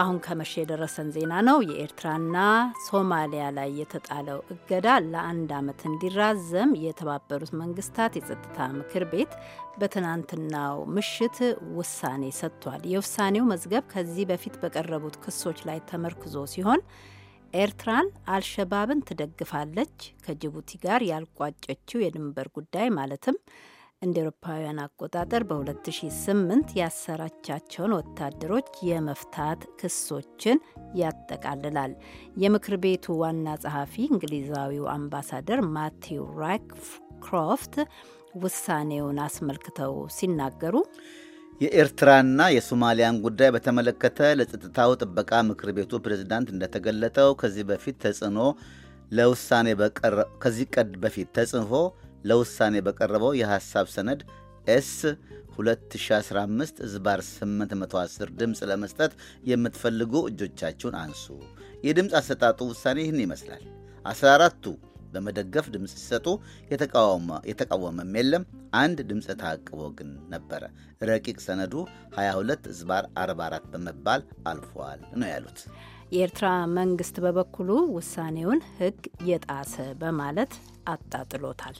አሁን ከመሸ የደረሰን ዜና ነው። የኤርትራና ሶማሊያ ላይ የተጣለው እገዳ ለአንድ ዓመት እንዲራዘም የተባበሩት መንግስታት የጸጥታ ምክር ቤት በትናንትናው ምሽት ውሳኔ ሰጥቷል። የውሳኔው መዝገብ ከዚህ በፊት በቀረቡት ክሶች ላይ ተመርክዞ ሲሆን ኤርትራን አልሸባብን ትደግፋለች፣ ከጅቡቲ ጋር ያልቋጨችው የድንበር ጉዳይ ማለትም እንደ ኤሮፓውያን አቆጣጠር በ2008 ያሰራቻቸውን ወታደሮች የመፍታት ክሶችን ያጠቃልላል። የምክር ቤቱ ዋና ጸሐፊ እንግሊዛዊው አምባሳደር ማቴው ራክክሮፍት ውሳኔውን አስመልክተው ሲናገሩ የኤርትራና የሶማሊያን ጉዳይ በተመለከተ ለጸጥታው ጥበቃ ምክር ቤቱ ፕሬዝዳንት እንደተገለጠው ከዚህ በፊት ተጽዕኖ ለውሳኔ ከዚህ ቀድ በፊት ተጽፎ ለውሳኔ በቀረበው የሐሳብ ሰነድ ኤስ 2015 ዝባር 810 ድምፅ ለመስጠት የምትፈልጉ እጆቻችሁን አንሱ። የድምፅ አሰጣጡ ውሳኔ ይህን ይመስላል። 14ቱ በመደገፍ ድምፅ ሲሰጡ የተቃወመም የለም። አንድ ድምፅ ታቅቦ ግን ነበረ። ረቂቅ ሰነዱ 22 ዝባር 44 በመባል አልፏል ነው ያሉት። የኤርትራ መንግስት በበኩሉ ውሳኔውን ሕግ የጣሰ በማለት አጣጥሎታል።